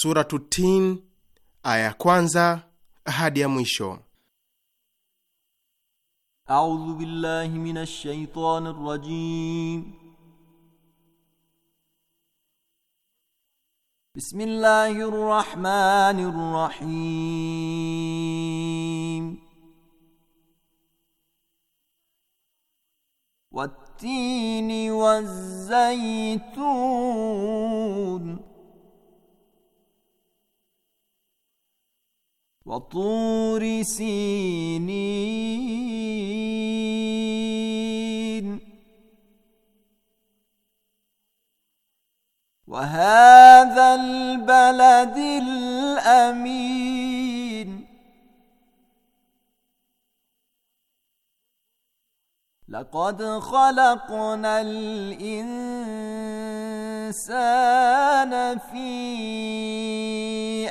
Suratu Tin aya ya kwanza hadi ya mwisho. A'udhu billahi minash shaitani rrajim. Bismillahir rahmanir rahim. Wat-tini waz-zaytun وطور سينين وهذا البلد الامين لقد خلقنا الانسان فيه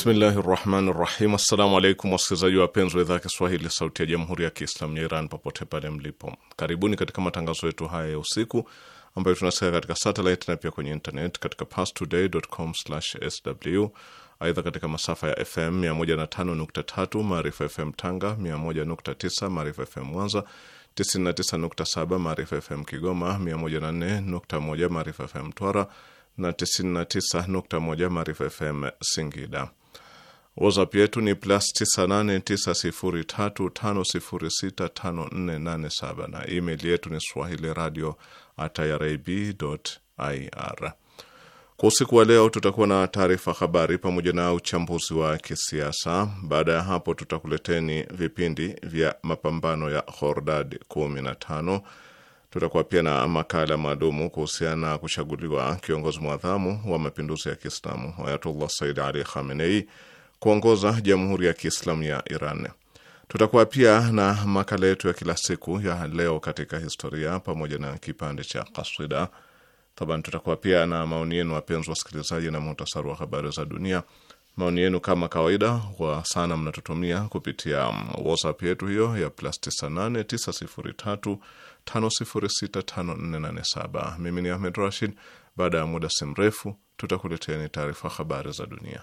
Bismillahi rahmani rahim. Assalamu alaikum wasikilizaji wapenzi wa idhaa ya Kiswahili sauti ya jamhuri ya kiislamu ya Iran popote pale mlipo, karibuni katika matangazo yetu haya ya usiku ambayo tunasikia katika satelit na pia kwenye internet katika pastoday.com/sw. Aidha, katika masafa ya FM 105.3 Maarifa FM Tanga, 101.9 Maarifa FM Mwanza, 99.7 Maarifa FM Kigoma, 104.1 Maarifa FM Twara na 99.1 Maarifa FM Singida. WhatsApp yetu ni plus 989035065487 na email yetu ni swahili radio irib ir. Kwa usiku wa leo tutakuwa na taarifa habari pamoja na uchambuzi wa kisiasa. Baada ya hapo, tutakuleteni vipindi vya mapambano ya Hordad 15. Tutakuwa pia na makala maalumu kuhusiana na kuchaguliwa kiongozi mwadhamu wa mapinduzi ya Kiislamu Ayatullah Said Ali Khamenei kuongoza Jamhuri ya Kiislamu ya Iran. Tutakuwa pia na makala yetu ya kila siku ya leo katika historia pamoja na kipande cha kaswida Taban, tutakuwa pia na maoni yenu wapenzi wasikilizaji, na muhtasari wa habari za dunia. Maoni yenu kama kawaida kwa sana mnatutumia kupitia WhatsApp yetu hiyo ya plus 989035065487. Mimi ni Ahmed Rashid. Baada ya muda si mrefu ni taarifa habari za dunia.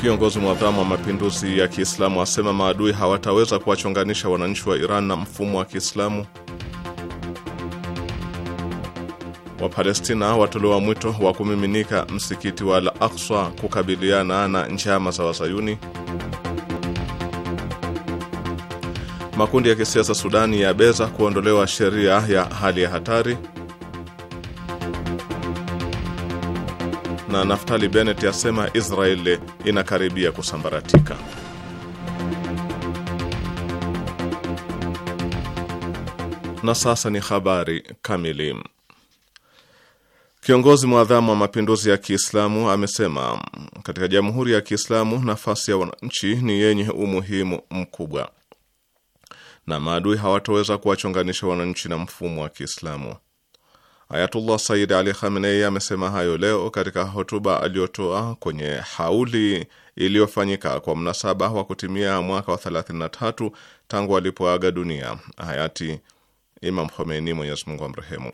Kiongozi mwadhamu wa mapinduzi ya Kiislamu asema maadui hawataweza kuwachonganisha wananchi wa Iran na mfumo wa Kiislamu. Wapalestina watolewa mwito wa kumiminika msikiti wa Al-Aqsa kukabiliana na njama za Wazayuni. Makundi ya kisiasa Sudani yabeza kuondolewa sheria ya hali ya hatari. na Naftali Bennett asema Israeli inakaribia kusambaratika. Na sasa ni habari kamili. Kiongozi mwadhamu wa mapinduzi ya Kiislamu amesema katika Jamhuri ya Kiislamu nafasi ya wananchi ni yenye umuhimu mkubwa na maadui hawatoweza kuwachonganisha wananchi na mfumo wa Kiislamu. Ayatullah Sayyid Ali Khamenei amesema hayo leo katika hotuba aliyotoa kwenye hauli iliyofanyika kwa mnasaba wa kutimia mwaka wa 33 tangu alipoaga dunia hayati Imam Khomeini, Mwenyezi Mungu amrehemu.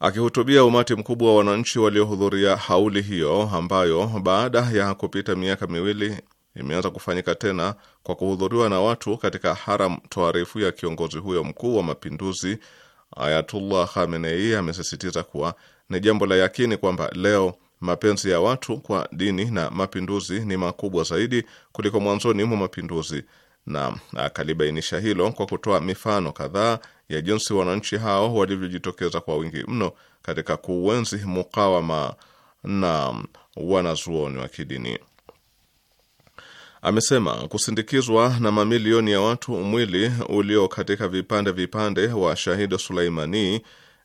Akihutubia umati mkubwa wa wananchi waliohudhuria hauli hiyo ambayo baada ya kupita miaka miwili imeanza kufanyika tena kwa kuhudhuriwa na watu katika haram toarifu ya kiongozi huyo mkuu wa mapinduzi Ayatullah Khamenei amesisitiza kuwa ni jambo la yakini kwamba leo mapenzi ya watu kwa dini na mapinduzi ni makubwa zaidi kuliko mwanzoni mwa mapinduzi, na akalibainisha hilo kwa kutoa mifano kadhaa ya jinsi wananchi hao walivyojitokeza kwa wingi mno katika kuuenzi mukawama na wanazuoni wa kidini amesema kusindikizwa na mamilioni ya watu mwili ulio katika vipande vipande wa shahidi Suleimani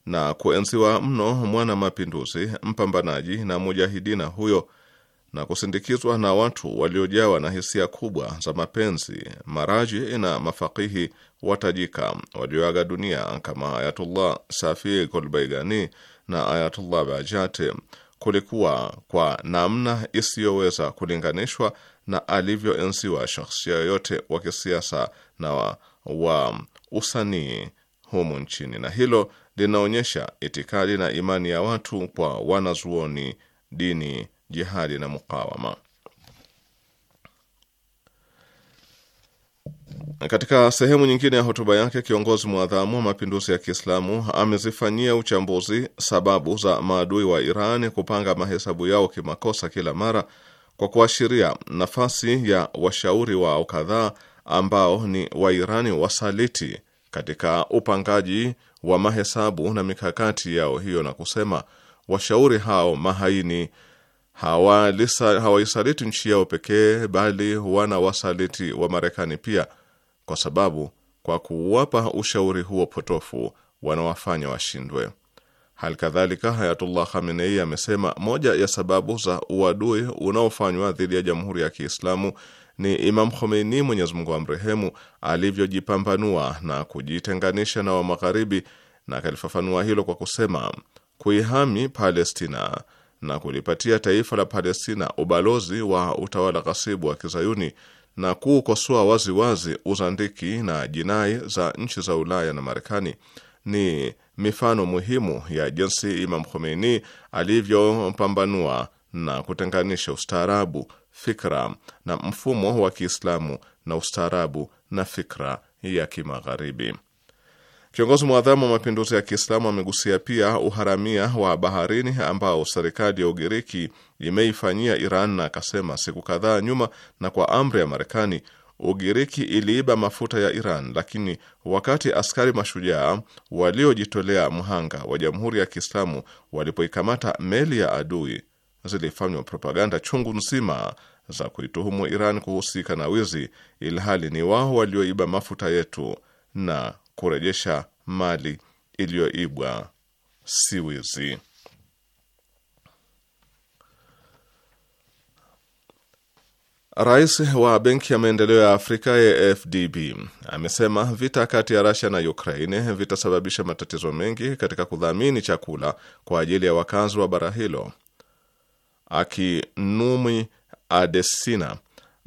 na kuenziwa mno mwana mapinduzi, mpambanaji na mujahidina huyo na kusindikizwa na watu waliojawa na hisia kubwa za mapenzi, maraji na mafakihi watajika walioaga dunia kama Ayatullah Safi Kolbaigani na Ayatullah Bajate kulikuwa kwa namna isiyoweza kulinganishwa na alivyoenziwa shakhsia yoyote wa kisiasa na wa, wa usanii humu nchini, na hilo linaonyesha itikadi na imani ya watu kwa wanazuoni, dini, jihadi na mukawama. Katika sehemu nyingine ya hotuba yake, kiongozi mwadhamu wa mapinduzi ya Kiislamu amezifanyia uchambuzi sababu za maadui wa Iran kupanga mahesabu yao kimakosa kila mara kwa kuashiria nafasi ya washauri wao kadhaa ambao ni Wairani wasaliti katika upangaji wa mahesabu na mikakati yao hiyo, na kusema washauri hao mahaini hawaisaliti nchi yao pekee, bali wana wasaliti wa Marekani pia, kwa sababu kwa kuwapa ushauri huo potofu wanawafanya washindwe kadhalika Hayatullah Khamenei amesema moja ya sababu za uadui unaofanywa dhidi ya Jamhuri ya Kiislamu ni Imam Khomeini, Mwenyezi Mungu amrehemu, alivyojipambanua na kujitenganisha na wamagharibi na akalifafanua hilo kwa kusema kuihami Palestina na kulipatia taifa la Palestina ubalozi wa utawala ghasibu wa Kizayuni na kuukosoa waziwazi uzandiki na jinai za nchi za Ulaya na Marekani ni mifano muhimu ya jinsi Imam Khomeini alivyopambanua na kutenganisha ustaarabu, fikra na mfumo wa Kiislamu na ustaarabu na fikra ya Kimagharibi. Kiongozi mwadhamu wa mapinduzi ya Kiislamu amegusia pia uharamia wa baharini ambao serikali ya Ugiriki imeifanyia Iran, na akasema siku kadhaa nyuma na kwa amri ya Marekani Ugiriki iliiba mafuta ya Iran, lakini wakati askari mashujaa waliojitolea mhanga wa Jamhuri ya Kiislamu walipoikamata meli ya adui, zilifanywa propaganda chungu nzima za kuituhumu Iran kuhusika na wizi, ilhali ni wao walioiba mafuta yetu na kurejesha mali iliyoibwa si wizi. Rais wa Benki ya Maendeleo ya Afrika ya AfDB amesema vita kati ya Russia na Ukraine vitasababisha matatizo mengi katika kudhamini chakula kwa ajili ya wakazi wa bara hilo. akinumi Adesina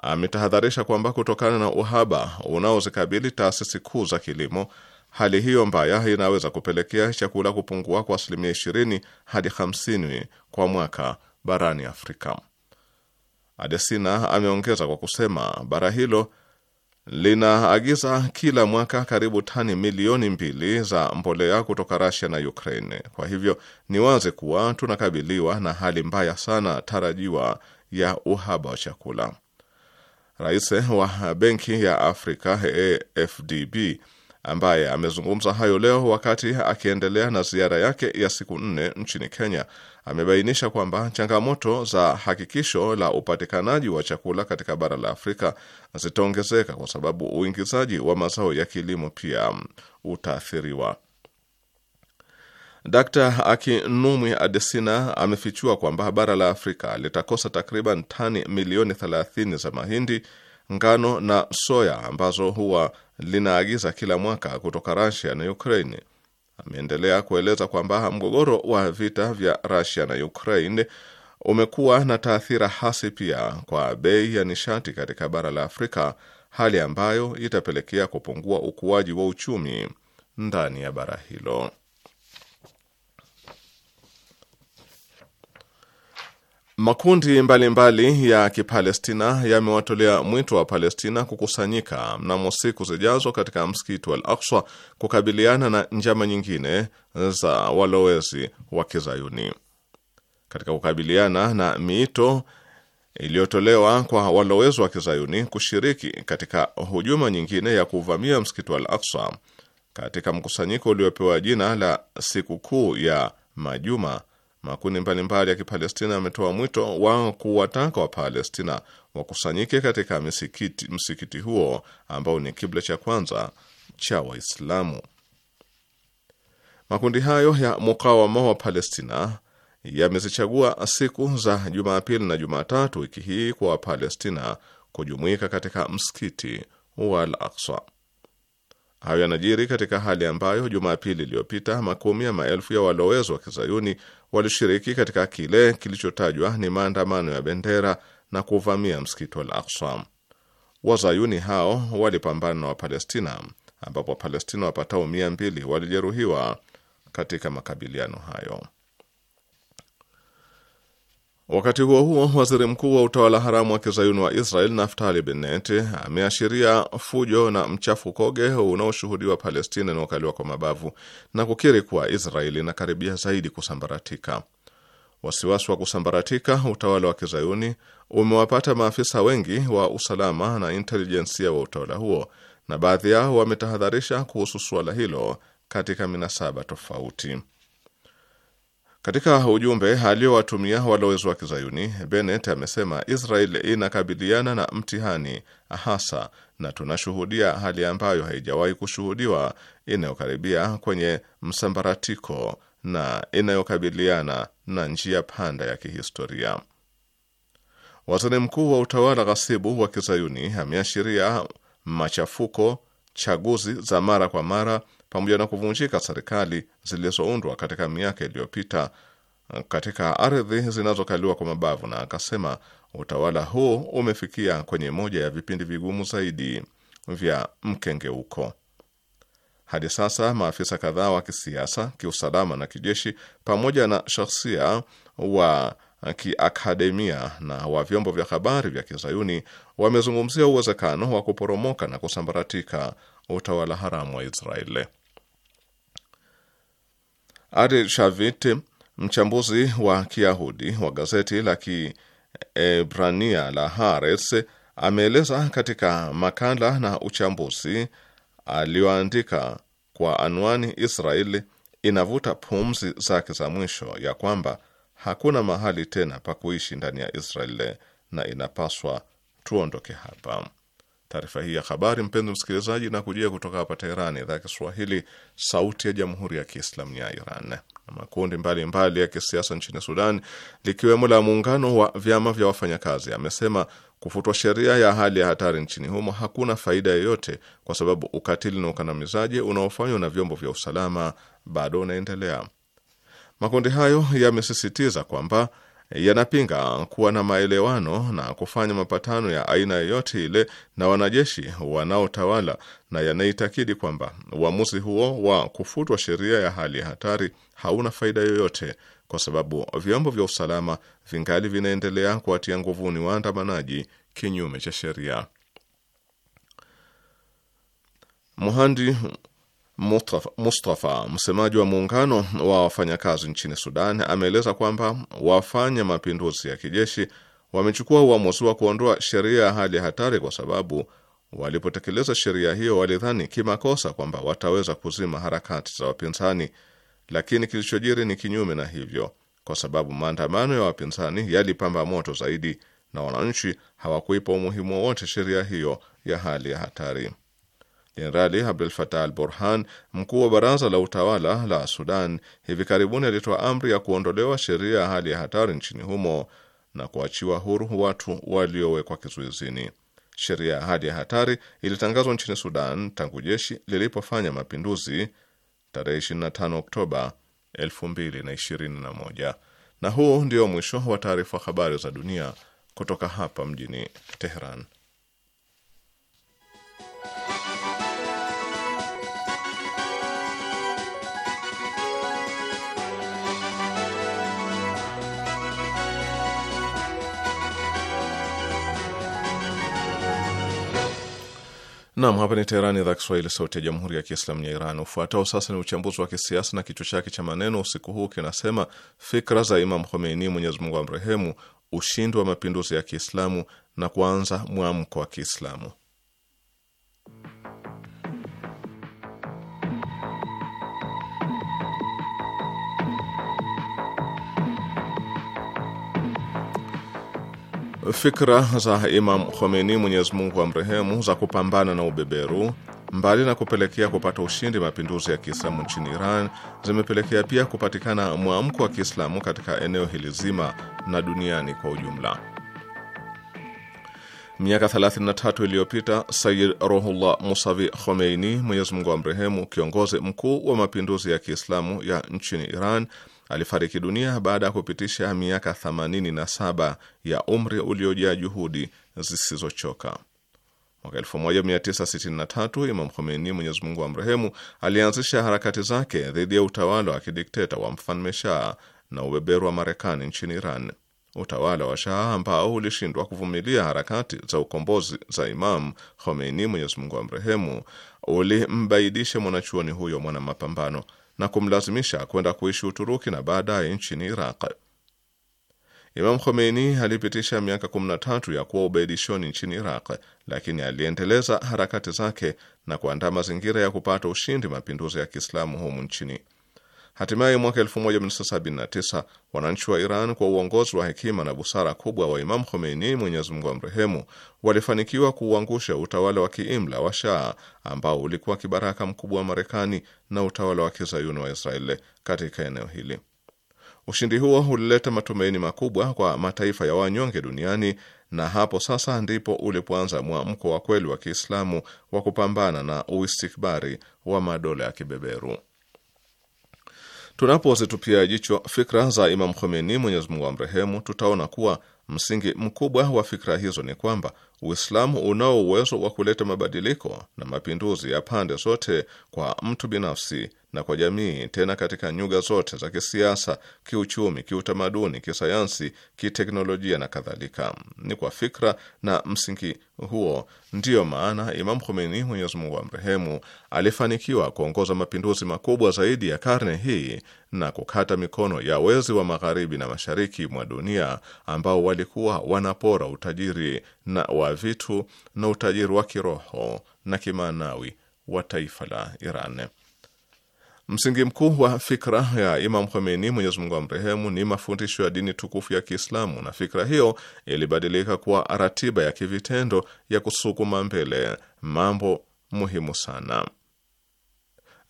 ametahadharisha kwamba kutokana na uhaba unaozikabili taasisi kuu za kilimo, hali hiyo mbaya inaweza kupelekea chakula kupungua kwa asilimia 20 hadi 50 kwa mwaka barani Afrika. Adesina ameongeza kwa kusema bara hilo linaagiza kila mwaka karibu tani milioni mbili za mbolea kutoka rasia na Ukraine. Kwa hivyo ni wazi kuwa tunakabiliwa na hali mbaya sana tarajiwa ya uhaba wa chakula. Rais wa Benki ya Afrika AFDB ambaye amezungumza hayo leo wakati akiendelea na ziara yake ya siku nne nchini Kenya, amebainisha kwamba changamoto za hakikisho la upatikanaji wa chakula katika bara la Afrika zitaongezeka kwa sababu uingizaji wa mazao ya kilimo pia utaathiriwa. Dkt. Akinwumi Adesina amefichua kwamba bara la Afrika litakosa takriban tani milioni 30 za mahindi ngano na soya ambazo huwa linaagiza kila mwaka kutoka rasia na Ukraine. Ameendelea kueleza kwamba mgogoro wa vita vya rasia na Ukraine umekuwa na taathira hasi pia kwa bei ya nishati katika bara la Afrika, hali ambayo itapelekea kupungua ukuaji wa uchumi ndani ya bara hilo. Makundi mbalimbali mbali ya Kipalestina yamewatolea mwito wa Palestina kukusanyika mnamo siku zijazo katika msikiti wa al kukabiliana na njama nyingine za walowezi wa Kizayuni. Katika kukabiliana na miito iliyotolewa kwa walowezi wa Kizayuni kushiriki katika hujuma nyingine ya kuvamia msikiti wa al katika mkusanyiko uliopewa jina la sikukuu ya majuma Makundi mbalimbali ya Kipalestina yametoa mwito wa kuwataka Wapalestina wakusanyike katika msikiti, msikiti huo ambao ni kibla cha kwanza cha Waislamu. Makundi hayo ya mukawama wa Palestina yamezichagua siku za Jumapili na Jumatatu wiki hii kwa Wapalestina kujumuika katika msikiti wa Al Aksa. Hayo yanajiri katika hali ambayo Jumapili iliyopita makumi ya maelfu ya walowezi wa kizayuni walishiriki katika kile kilichotajwa ni maandamano ya bendera na kuvamia msikiti al Aksa. Wazayuni hao walipambana na Wapalestina ambapo Wapalestina wapatao mia mbili walijeruhiwa katika makabiliano hayo. Wakati huo huo, waziri mkuu wa utawala haramu wa kizayuni wa Israel Naftali Bennett ameashiria fujo na mchafu koge unaoshuhudiwa Palestina inaokaliwa kwa mabavu na kukiri kuwa Israel inakaribia zaidi kusambaratika. Wasiwasi wa kusambaratika utawala wa kizayuni umewapata maafisa wengi wa usalama na intelijensia wa utawala huo, na baadhi yao wametahadharisha kuhusu suala hilo katika minasaba tofauti. Katika ujumbe aliowatumia walowezi wa Kizayuni, Bennett amesema Israel inakabiliana na mtihani hasa, na tunashuhudia hali ambayo haijawahi kushuhudiwa inayokaribia kwenye msambaratiko na inayokabiliana na njia panda ya kihistoria. Waziri mkuu wa utawala ghasibu wa Kizayuni ameashiria machafuko, chaguzi za mara kwa mara pamoja na kuvunjika serikali zilizoundwa katika miaka iliyopita katika ardhi zinazokaliwa kwa mabavu, na akasema utawala huu umefikia kwenye moja ya vipindi vigumu zaidi vya mkengeuko. Hadi sasa maafisa kadhaa wa kisiasa, kiusalama na kijeshi pamoja na shahsia wa kiakademia na wa vyombo vya habari vya kizayuni wamezungumzia uwezekano wa kuporomoka na kusambaratika utawala haramu wa Israeli. Ari Shavit, mchambuzi wa Kiyahudi wa gazeti la Kiebrania la Haaretz, ameeleza katika makala na uchambuzi aliyoandika kwa anwani Israeli inavuta pumzi zake za mwisho ya kwamba hakuna mahali tena pa kuishi ndani ya Israel na inapaswa tuondoke hapa. Taarifa hii ya habari, mpenzi msikilizaji, na kujia kutoka hapa Teherani, idhaa ya Kiswahili, sauti ya jamhuri ya kiislamu ya Iran. Na makundi mbalimbali ya kisiasa nchini Sudan, likiwemo la muungano wa vyama vya wafanyakazi, amesema kufutwa sheria ya hali ya hatari nchini humo hakuna faida yoyote, kwa sababu ukatili na ukandamizaji unaofanywa na vyombo vya usalama bado unaendelea. Makundi hayo yamesisitiza kwamba yanapinga kuwa na maelewano na kufanya mapatano ya aina yoyote ile na wanajeshi wanaotawala na yanaitakidi kwamba uamuzi huo wa kufutwa sheria ya hali ya hatari hauna faida yoyote kwa sababu vyombo vya usalama vingali vinaendelea kuwatia nguvuni waandamanaji kinyume cha sheria. Muhandi Mustafa, msemaji wa muungano wa wafanyakazi nchini Sudan, ameeleza kwamba wafanya mapinduzi ya kijeshi wamechukua uamuzi wa kuondoa sheria ya hali ya hatari kwa sababu walipotekeleza sheria hiyo walidhani kimakosa kwamba wataweza kuzima harakati za wapinzani, lakini kilichojiri ni kinyume na hivyo, kwa sababu maandamano ya wapinzani yalipamba moto zaidi na wananchi hawakuipa umuhimu wowote sheria hiyo ya hali ya hatari. Jenerali abdul fatah al Burhan, mkuu wa baraza la utawala la Sudan, hivi karibuni alitoa amri ya kuondolewa sheria ya hali ya hatari nchini humo na kuachiwa huru watu waliowekwa kizuizini. Sheria ya hali ya hatari ilitangazwa nchini Sudan tangu jeshi lilipofanya mapinduzi tarehe 25 Oktoba 2021. Na huu ndio mwisho wa taarifa habari za dunia kutoka hapa mjini Teheran. Nam, hapa ni Teherani, idhaa Kiswahili, sauti ya jamhuri ya kiislamu ya Iran. Ufuatao sasa ni uchambuzi wa kisiasa na kichwa chake cha maneno usiku huu kinasema: fikra za Imam Khomeini, Mwenyezi Mungu amrehemu, ushindi wa mapinduzi ya Kiislamu na kuanza mwamko wa Kiislamu. Fikra za Imam Khomeini, Mwenyezi Mungu amrehemu, za kupambana na ubeberu, mbali na kupelekea kupata ushindi mapinduzi ya Kiislamu nchini Iran, zimepelekea pia kupatikana mwamko wa Kiislamu katika eneo hili zima na duniani kwa ujumla. Miaka 33 iliyopita Sayyid Ruhullah Musavi Khomeini, Mwenyezi Mungu amrehemu, kiongozi mkuu wa mapinduzi ya Kiislamu ya nchini Iran alifariki dunia baada ya kupitisha miaka 87 ya umri uliojaa juhudi zisizochoka. Mwaka 1963 Imam Khomeini, Mwenyezi Mungu mrehemu, alianzisha harakati zake dhidi ya utawala wa kidikteta wa mfalme Shah na ubeberu wa Marekani nchini Iran. Utawala wa Shah ambao ulishindwa kuvumilia harakati za ukombozi za Imam Khomeini, Mwenyezi Mungu amrehemu, ulimbaidisha mwanachuoni huyo mwana mapambano na kumlazimisha kwenda kuishi Uturuki na baadaye nchini Iraq. Imam Khomeini alipitisha miaka 13 ya kuwa ubaidishoni nchini Iraq, lakini aliendeleza harakati zake na kuandaa mazingira ya kupata ushindi mapinduzi ya Kiislamu humu nchini. Hatimaye mwaka 1979 wananchi wa Iran kwa uongozi wa hekima na busara kubwa wa Imam Khomeini, Mwenyezi Mungu amrehemu, walifanikiwa kuuangusha utawala wa kiimla wa Shah ambao ulikuwa kibaraka mkubwa wa Marekani na utawala wa kizayuni wa Israeli katika eneo hili. Ushindi huo ulileta matumaini makubwa kwa mataifa ya wanyonge duniani, na hapo sasa ndipo ulipoanza mwamko wa kweli wa Kiislamu wa kupambana na uistikbari wa madola ya kibeberu. Tunapozitupia jicho fikra za Imam Khomeini, Mwenyezi Mungu amrehemu, tutaona kuwa msingi mkubwa wa fikra hizo ni kwamba Uislamu unao uwezo wa kuleta mabadiliko na mapinduzi ya pande zote kwa mtu binafsi na kwa jamii, tena katika nyuga zote za kisiasa, kiuchumi, kiutamaduni, kisayansi, kiteknolojia na kadhalika. Ni kwa fikra na msingi huo ndiyo maana Imam Khomeini, Mwenyezi Mungu amrehemu, alifanikiwa kuongoza mapinduzi makubwa zaidi ya karne hii na kukata mikono ya wezi wa magharibi na mashariki mwa dunia ambao walikuwa wanapora utajiri na wa vitu na utajiri wa kiroho na kimaanawi wa taifa la Iran. Msingi mkuu wa fikra ya Imam Khomeini, Mwenyezi Mungu amrehemu, ni mafundisho ya dini tukufu ya Kiislamu, na fikra hiyo ilibadilika kuwa ratiba ya kivitendo ya kusukuma mbele mambo muhimu sana.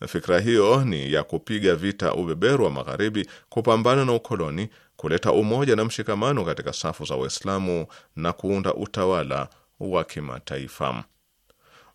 Fikra hiyo ni ya kupiga vita ubeberu wa Magharibi, kupambana na ukoloni kuleta umoja na mshikamano katika safu za Waislamu na kuunda utawala wa kimataifa.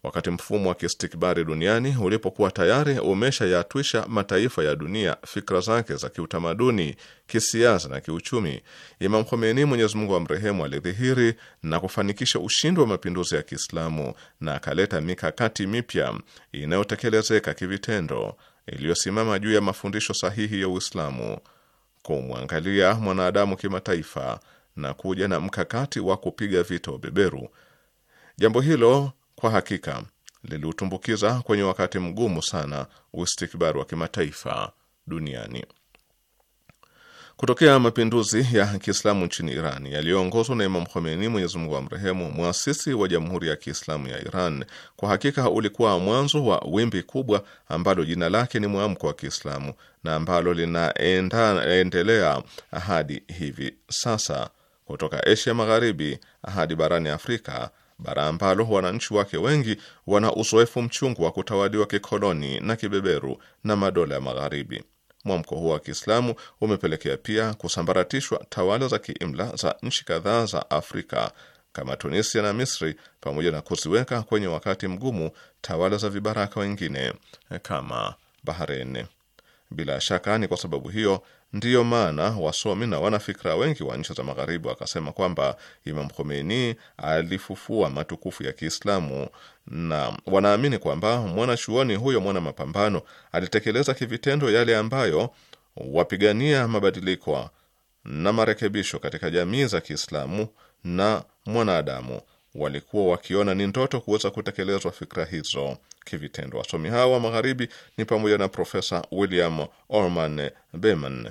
Wakati mfumo wa kiistikbari duniani ulipokuwa tayari umeshayatwisha mataifa ya dunia fikra zake za kiutamaduni, kisiasa na kiuchumi, Imam Khomeini, Mwenyezi Mungu amrehemu, alidhihiri na kufanikisha ushindi wa mapinduzi ya Kiislamu na akaleta mikakati mipya inayotekelezeka kivitendo, iliyosimama juu ya mafundisho sahihi ya Uislamu kumwangalia mwanadamu kimataifa na kuja na mkakati wa kupiga vita ubeberu. Jambo hilo kwa hakika liliutumbukiza kwenye wakati mgumu sana ustikbari wa kimataifa duniani. Kutokea mapinduzi ya Kiislamu nchini Iran yaliyoongozwa na Imam Khomeini, Mwenyezi Mungu amrehemu, mwasisi wa Jamhuri ya Kiislamu ya Iran, kwa hakika ulikuwa mwanzo wa wimbi kubwa ambalo jina lake ni mwamko wa Kiislamu na ambalo linaendelea hadi hivi sasa kutoka Asia Magharibi hadi barani Afrika, bara ambalo wananchi wake wengi wana uzoefu mchungu wa kutawaliwa kikoloni na kibeberu na madola ya Magharibi. Mwamko huo wa Kiislamu umepelekea pia kusambaratishwa tawala za kiimla za nchi kadhaa za Afrika kama Tunisia na Misri, pamoja na kuziweka kwenye wakati mgumu tawala za vibaraka wengine kama Bahrain. Bila shaka ni kwa sababu hiyo Ndiyo maana wasomi na wanafikira wengi wa nchi za Magharibi wakasema kwamba Imam Khomeini alifufua matukufu ya Kiislamu, na wanaamini kwamba mwanachuoni huyo mwana mapambano alitekeleza kivitendo yale ambayo wapigania mabadiliko na marekebisho katika jamii za Kiislamu na mwanadamu walikuwa wakiona ni ndoto kuweza kutekelezwa fikra hizo kivitendo. Wasomi hao wa Magharibi ni pamoja na Profesa William Orman Beman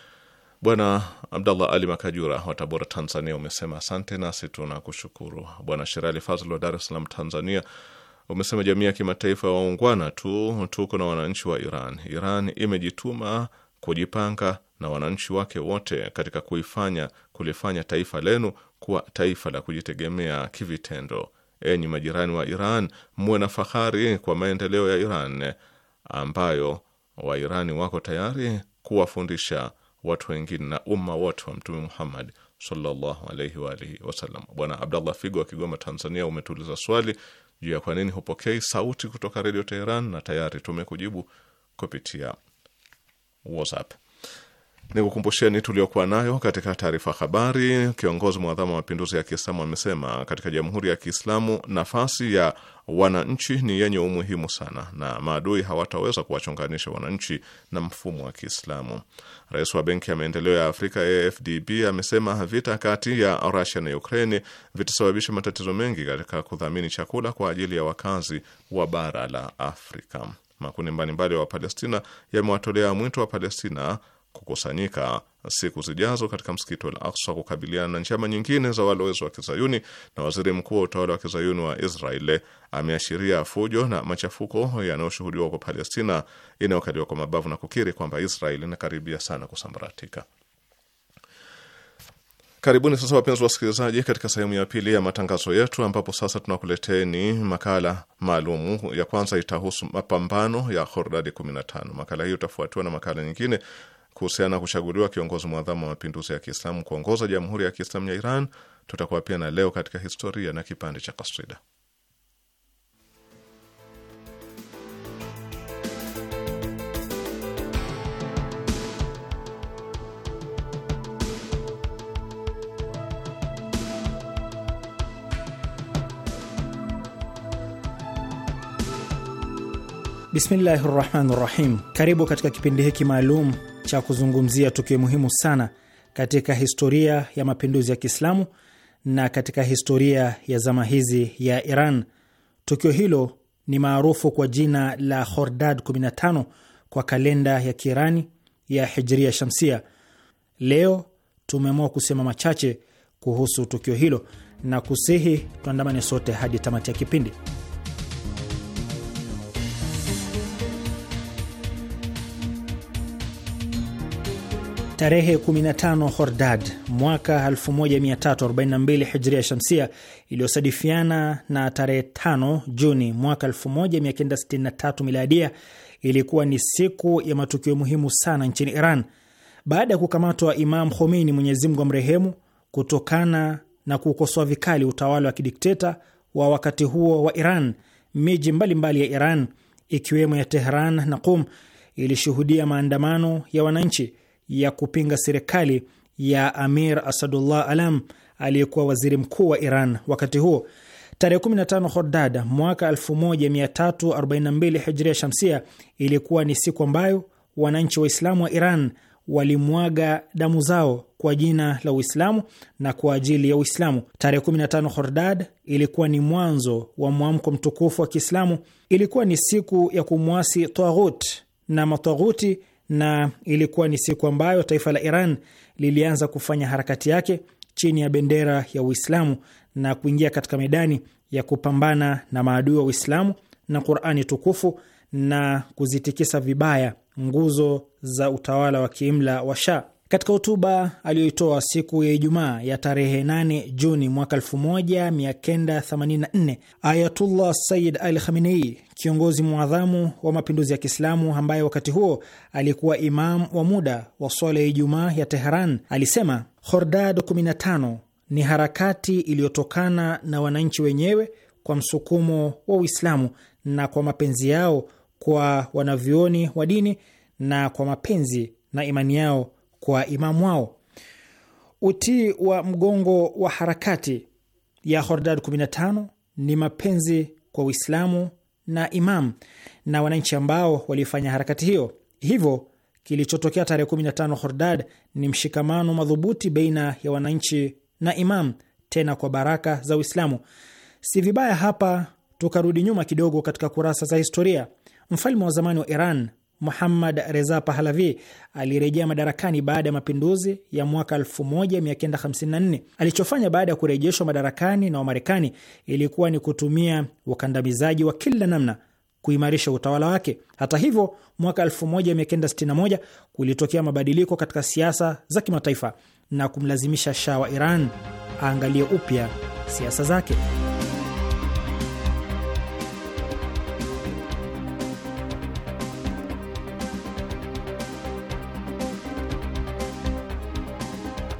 Bwana Abdallah Ali Makajura wa Tabora, Tanzania, umesema asante, nasi tunakushukuru. Bwana Sherali Fazl wa Dar es Salaam, Tanzania, umesema jamii ya kimataifa ya waungwana tu, tuko na wananchi wa Iran. Iran imejituma kujipanga na wananchi wake wote katika kuifanya kulifanya taifa lenu kuwa taifa la kujitegemea kivitendo. Enyi majirani wa Iran, muwe na fahari kwa maendeleo ya Iran ambayo Wairani wako tayari kuwafundisha watu wengine na umma wote wa Mtume Muhammad sallallahu alaihi wa alihi wasallam. Bwana Abdallah Figo wa Kigoma, Tanzania, umetuuliza swali juu ya kwa nini hupokei sauti kutoka Redio Teheran, na tayari tumekujibu kupitia WhatsApp. Ni kukumbusheni tuliokuwa nayo katika taarifa habari. Kiongozi mwadhamu wa mapinduzi ya Kiislamu amesema katika Jamhuri ya Kiislamu nafasi ya wananchi ni yenye umuhimu sana na maadui hawataweza kuwachonganisha wananchi na mfumo wa Kiislamu. Rais wa Benki ya Maendeleo ya Afrika AfDB amesema vita kati ya Rusia na Ukraini vitasababisha matatizo mengi katika kudhamini chakula kwa ajili ya wakazi wa bara la Afrika. Makundi mbalimbali ya Wapalestina yamewatolea mwito wa Palestina kukusanyika siku zijazo katika msikiti wa Al-Aqsa kukabiliana na njama nyingine za walowezi wa Kizayuni, na waziri mkuu wa utawala wa Kizayuni wa Israeli ameashiria fujo na machafuko yanayoshuhudiwa kwa Palestina inayokaliwa kwa mabavu na kukiri kwamba Israeli inakaribia sana kusambaratika. Karibuni sasa wapenzi wasikilizaji, katika sehemu ya pili ya matangazo yetu, ambapo sasa tunakuleteni makala maalum. Ya kwanza itahusu mapambano ya Hordadi 15. Makala hiyo itafuatiwa na makala nyingine kuhusiana na kuchaguliwa kiongozi mwadhamu wa mapinduzi ya Kiislamu kuongoza Jamhuri ya Kiislamu ya Iran. Tutakuwa pia na leo katika historia na kipande cha kaswida. Bismillahi rahmani rahim. Karibu katika kipindi hiki maalum cha kuzungumzia tukio muhimu sana katika historia ya mapinduzi ya Kiislamu na katika historia ya zama hizi ya Iran. Tukio hilo ni maarufu kwa jina la Hordad 15 kwa kalenda ya Kiirani ya Hijria Shamsia. Leo tumeamua kusema machache kuhusu tukio hilo na kusihi tuandamane sote hadi tamati ya kipindi. Tarehe 15 Hordad mwaka 1342 Hijria Shamsia, iliyosadifiana na tarehe 5 Juni mwaka 1963 Miladia, ilikuwa ni siku ya matukio muhimu sana nchini Iran. Baada ya kukamatwa Imam Khomeini, Mwenyezi Mungu amrehemu, kutokana na kukosoa vikali utawala wa kidikteta wa wakati huo wa Iran, miji mbalimbali ya Iran ikiwemo ya Tehran na Qum ilishuhudia maandamano ya wananchi ya kupinga serikali ya Amir Asadullah Alam aliyekuwa waziri mkuu wa Iran wakati huo. Tarehe 15 Hordada mwaka 1342 Hijria Shamsia ilikuwa ni siku ambayo wananchi Waislamu wa Iran walimwaga damu zao kwa jina la Uislamu na kwa ajili ya Uislamu. Tarehe 15 Hordad ilikuwa ni mwanzo wa mwamko mtukufu wa Kiislamu. Ilikuwa ni siku ya kumwasi taghut na mataghuti na ilikuwa ni siku ambayo taifa la Iran lilianza kufanya harakati yake chini ya bendera ya Uislamu na kuingia katika medani ya kupambana na maadui wa Uislamu na Qur'ani tukufu na kuzitikisa vibaya nguzo za utawala wa kiimla wa sha Katika hotuba aliyoitoa siku ya Ijumaa ya tarehe 8 Juni mwaka 1984, Ayatullah Sayyid Ali Khamenei kiongozi mwadhamu wa mapinduzi ya Kiislamu ambaye wakati huo alikuwa imam wa muda wa swala ya Ijumaa ya Teheran alisema, Khordad 15 ni harakati iliyotokana na wananchi wenyewe kwa msukumo wa Uislamu na kwa mapenzi yao kwa wanavyuoni wa dini na kwa mapenzi na imani yao kwa imamu wao. Utii wa mgongo wa harakati ya Khordad 15 ni mapenzi kwa Uislamu na Imam na wananchi ambao walifanya harakati hiyo. Hivyo kilichotokea tarehe 15 Hordad ni mshikamano madhubuti baina ya wananchi na Imam, tena kwa baraka za Uislamu. Si vibaya hapa tukarudi nyuma kidogo katika kurasa za historia. Mfalme wa zamani wa Iran Muhammad Reza Pahlavi alirejea madarakani baada ya mapinduzi ya mwaka 1954. Alichofanya baada ya kurejeshwa madarakani na Wamarekani ilikuwa ni kutumia wakandamizaji wa kila namna kuimarisha utawala wake. Hata hivyo, mwaka 1961 kulitokea mabadiliko katika siasa za kimataifa na kumlazimisha Shah wa Iran aangalie upya siasa zake.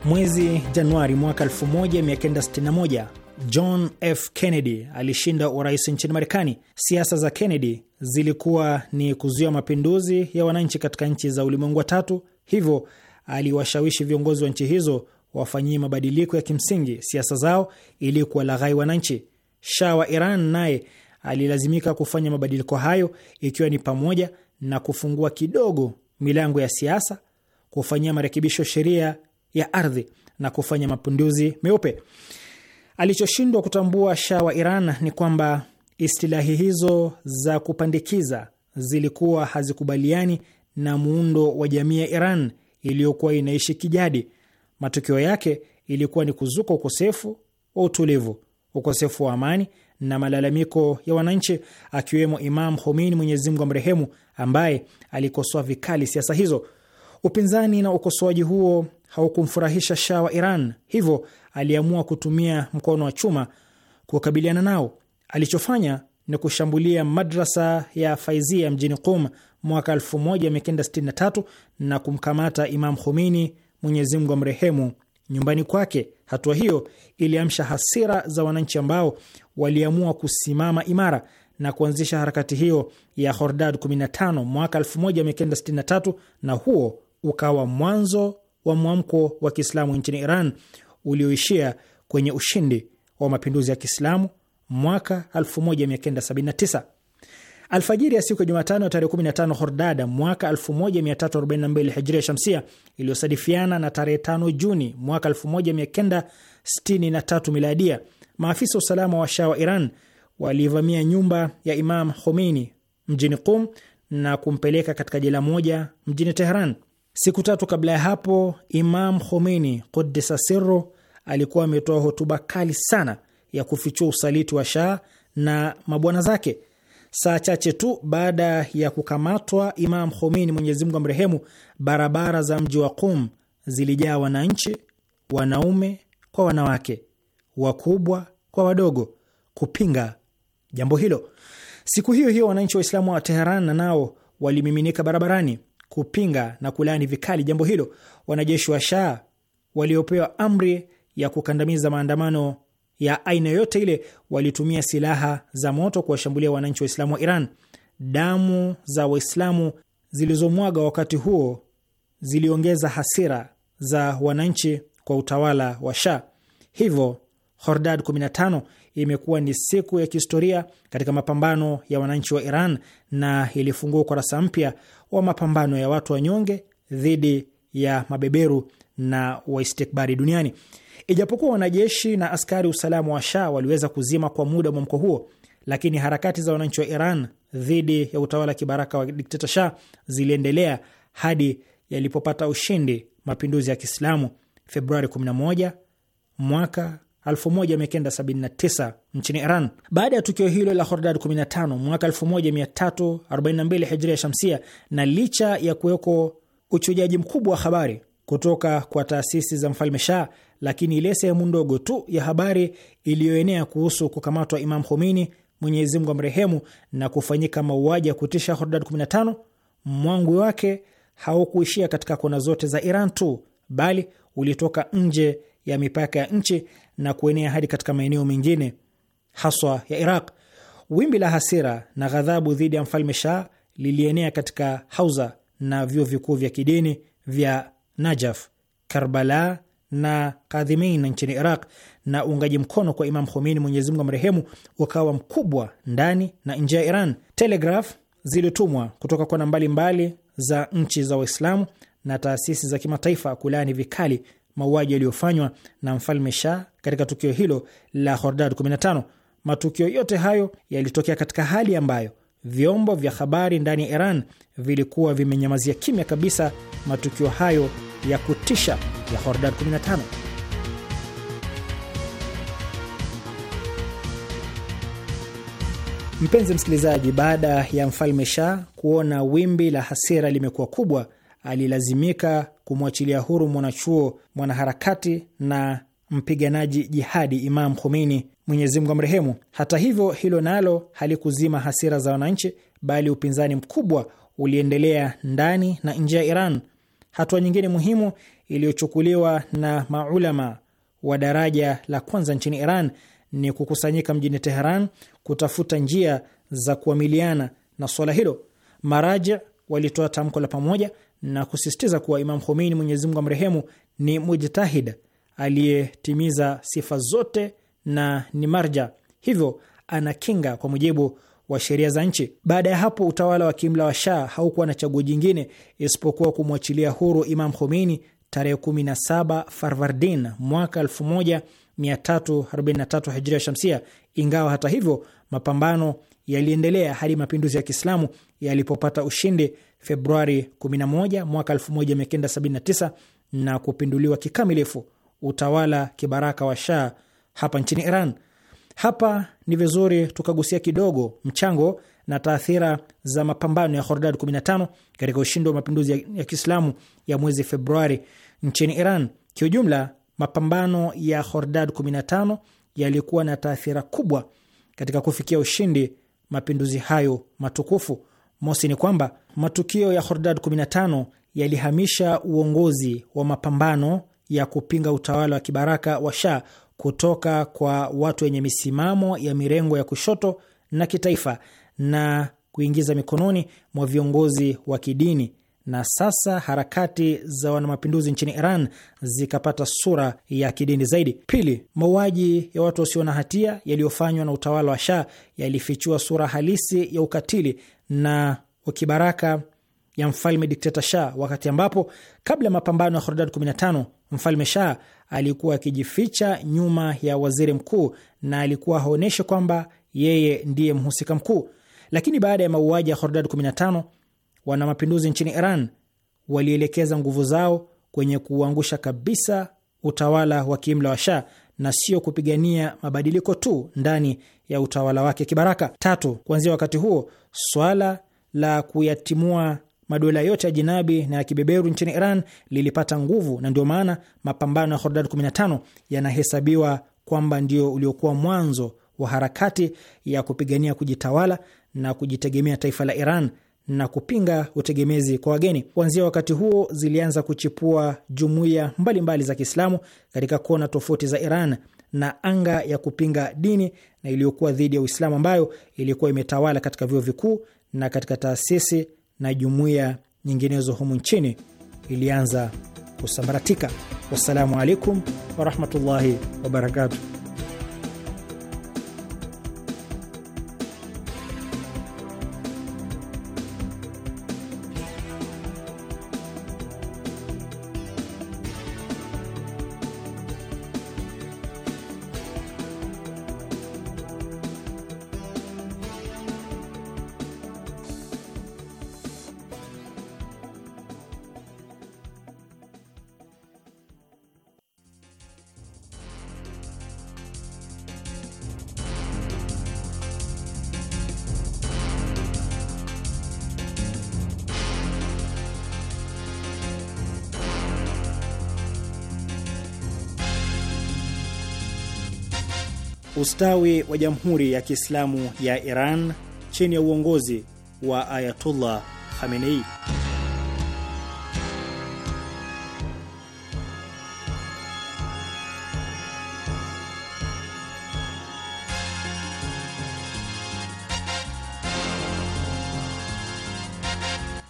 Mwezi Januari mwaka 1961 John F. Kennedy alishinda urais nchini Marekani. Siasa za Kennedy zilikuwa ni kuzuia mapinduzi ya wananchi katika nchi za ulimwengu wa tatu, hivyo aliwashawishi viongozi wa nchi hizo wafanyie mabadiliko ya kimsingi siasa zao ili kuwalaghai wananchi. Shah wa Iran naye alilazimika kufanya mabadiliko hayo, ikiwa ni pamoja na kufungua kidogo milango ya siasa, kufanyia marekebisho sheria ya ardhi na kufanya mapinduzi meupe. Alichoshindwa kutambua sha wa Iran ni kwamba istilahi hizo za kupandikiza zilikuwa hazikubaliani na muundo wa jamii ya Iran iliyokuwa inaishi kijadi. Matokeo yake ilikuwa ni kuzuka ukosefu wa utulivu, ukosefu wa amani na malalamiko ya wananchi, akiwemo Imam Khomeini, Mwenyezi Mungu amrehemu, ambaye alikosoa vikali siasa hizo. Upinzani na ukosoaji huo haukumfurahisha Shah wa Iran, hivyo aliamua kutumia mkono wa chuma kukabiliana nao. Alichofanya ni kushambulia madrasa ya Faizia mjini Qum mwaka 1963 na kumkamata Imam Khomeini, Mwenyezi Mungu amrehemu, nyumbani kwake. Hatua hiyo iliamsha hasira za wananchi ambao waliamua kusimama imara na kuanzisha harakati hiyo ya Hordad 15 mwaka 1963, na huo ukawa mwanzo wa mwamko wa Kiislamu nchini Iran ulioishia kwenye ushindi wa mapinduzi ya Kiislamu mwaka 1979. Alfajiri ya siku ya Jumatano tarehe 15 Hordada mwaka 1342 Hijria Shamsia, iliyosadifiana na tarehe 5 Juni mwaka 1963 Miladia, maafisa wa usalama wa Shah wa Iran walivamia nyumba ya Imam Khomeini mjini Qum na kumpeleka katika jela moja mjini Tehran. Siku tatu kabla ya hapo, Imam Khomeini kudisa Sirru alikuwa ametoa hotuba kali sana ya kufichua usaliti wa Shah na mabwana zake. Saa chache tu baada ya kukamatwa Imam Khomeini, Mwenyezi Mungu amrehemu, barabara za mji wa Qum zilijaa wananchi, wanaume kwa wanawake, wakubwa kwa wadogo, kupinga jambo hilo. Siku hiyo hiyo wananchi Waislamu wa Teheran na nao walimiminika barabarani kupinga na kulaani vikali jambo hilo. Wanajeshi wa Shah waliopewa amri ya kukandamiza maandamano ya aina yote ile walitumia silaha za moto kuwashambulia wananchi Waislamu wa Iran. Damu za Waislamu zilizomwaga wakati huo ziliongeza hasira za wananchi kwa utawala wa Shah. Hivyo Hordad 15 imekuwa ni siku ya kihistoria katika mapambano ya wananchi wa Iran na ilifungua ukurasa mpya wa mapambano ya watu wanyonge dhidi ya mabeberu na waistikbari duniani. Ijapokuwa wanajeshi na askari usalama wa Shah waliweza kuzima kwa muda mwamko huo, lakini harakati za wananchi wa Iran dhidi ya utawala kibaraka wa dikteta Shah ziliendelea hadi yalipopata ushindi mapinduzi ya Kiislamu Februari 11 mwaka 1979 nchini Iran. Baada ya tukio hilo la Hordad 15 mwaka 1342 hijria shamsia, na licha ya kuweko uchujaji mkubwa wa habari kutoka kwa taasisi za mfalme Shah, lakini ile sehemu ndogo tu ya habari iliyoenea kuhusu kukamatwa Imam Khomeini, Mwenyezi Mungu amrehemu, na kufanyika mauaji ya kutisha Hordad 15, mwangwi wake haukuishia katika kona zote za Iran tu, bali ulitoka nje ya mipaka ya nchi na kuenea hadi katika maeneo mengine haswa ya Iraq. Wimbi la hasira na ghadhabu dhidi ya mfalme Shah lilienea katika hauza na vyuo vikuu vya kidini vya Najaf, Karbala na Kadhimin nchini Iraq, na uungaji mkono kwa Imam Khomeini, Mwenyezi Mungu amrehemu, ukawa mkubwa ndani na nje ya Iran. Telegraf zilitumwa kutoka kona mbalimbali za nchi za Waislamu na taasisi za kimataifa kulaani vikali mauaji yaliyofanywa na mfalme Shah katika tukio hilo la Hordad 15. Matukio yote hayo yalitokea katika hali ambayo vyombo vya habari ndani ya Iran vilikuwa vimenyamazia kimya kabisa matukio hayo ya kutisha ya Hordad 15. Mpenzi msikilizaji, baada ya mfalme Shah kuona wimbi la hasira limekuwa kubwa alilazimika kumwachilia huru mwanachuo, mwanaharakati na mpiganaji jihadi Imam Khomeini, Mwenyezi Mungu amrehemu. Hata hivyo, hilo nalo halikuzima hasira za wananchi, bali upinzani mkubwa uliendelea ndani na nje ya Iran. Hatua nyingine muhimu iliyochukuliwa na maulama wa daraja la kwanza nchini Iran ni kukusanyika mjini Teheran kutafuta njia za kuamiliana na swala hilo. Maraji walitoa tamko la pamoja na kusisitiza kuwa Imam Khomeini, Mwenyezi Mungu amrehemu, ni mujtahid aliyetimiza sifa zote na ni marja, hivyo ana kinga kwa mujibu wa sheria za nchi. Baada ya hapo, utawala wa kimla wa Shah haukuwa na chaguo jingine isipokuwa kumwachilia huru Imam Khomeini tarehe 17 Farvardin mwaka 1343 Hijria Shamsia, ingawa hata hivyo mapambano yaliendelea hadi mapinduzi ya Kiislamu yalipopata ushindi Februari 11 mwaka 1979 na kupinduliwa kikamilifu utawala kibaraka wa Shah hapa nchini Iran. Hapa ni vizuri tukagusia kidogo mchango na taathira za mapambano ya Khordad 15 katika ushindi wa mapinduzi ya Kiislamu ya mwezi Februari nchini Iran. Kiujumla, mapambano ya Khordad 15 yalikuwa na taathira kubwa katika kufikia ushindi mapinduzi hayo matukufu. Mosi ni kwamba matukio ya Hordad 15 yalihamisha uongozi wa mapambano ya kupinga utawala wa kibaraka wa Shah kutoka kwa watu wenye misimamo ya mirengo ya kushoto na kitaifa na kuingiza mikononi mwa viongozi wa kidini na sasa harakati za wanamapinduzi nchini Iran zikapata sura ya kidini zaidi. Pili, mauaji ya watu wasio na hatia yaliyofanywa na utawala wa Shah yalifichua sura halisi ya ukatili na wakibaraka ya mfalme dikteta Shah, wakati ambapo kabla ya mapambano ya Khordad 15 mfalme Shah alikuwa akijificha nyuma ya waziri mkuu na alikuwa haonyeshe kwamba yeye ndiye mhusika mkuu. Lakini baada ya mauaji ya Khordad 15 wana mapinduzi nchini Iran walielekeza nguvu zao kwenye kuuangusha kabisa utawala wa kiimla wa Shah na sio kupigania mabadiliko tu ndani ya utawala wake kibaraka. Tatu, kuanzia wakati huo swala la kuyatimua madola yote ya jinabi na ya kibeberu nchini Iran lilipata nguvu, na ndio maana mapambano ya Hordad 15 yanahesabiwa kwamba ndio uliokuwa mwanzo wa harakati ya kupigania kujitawala na kujitegemea taifa la Iran na kupinga utegemezi kwa wageni. Kuanzia wakati huo zilianza kuchipua jumuiya mbalimbali za Kiislamu katika kona tofauti za Iran na anga ya kupinga dini na iliyokuwa dhidi ya Uislamu ambayo ilikuwa imetawala katika vyuo vikuu na katika taasisi na jumuiya nyinginezo humu nchini ilianza kusambaratika. Wassalamu alaikum warahmatullahi wabarakatuh. ustawi wa Jamhuri ya Kiislamu ya Iran chini ya uongozi wa Ayatullah Khamenei.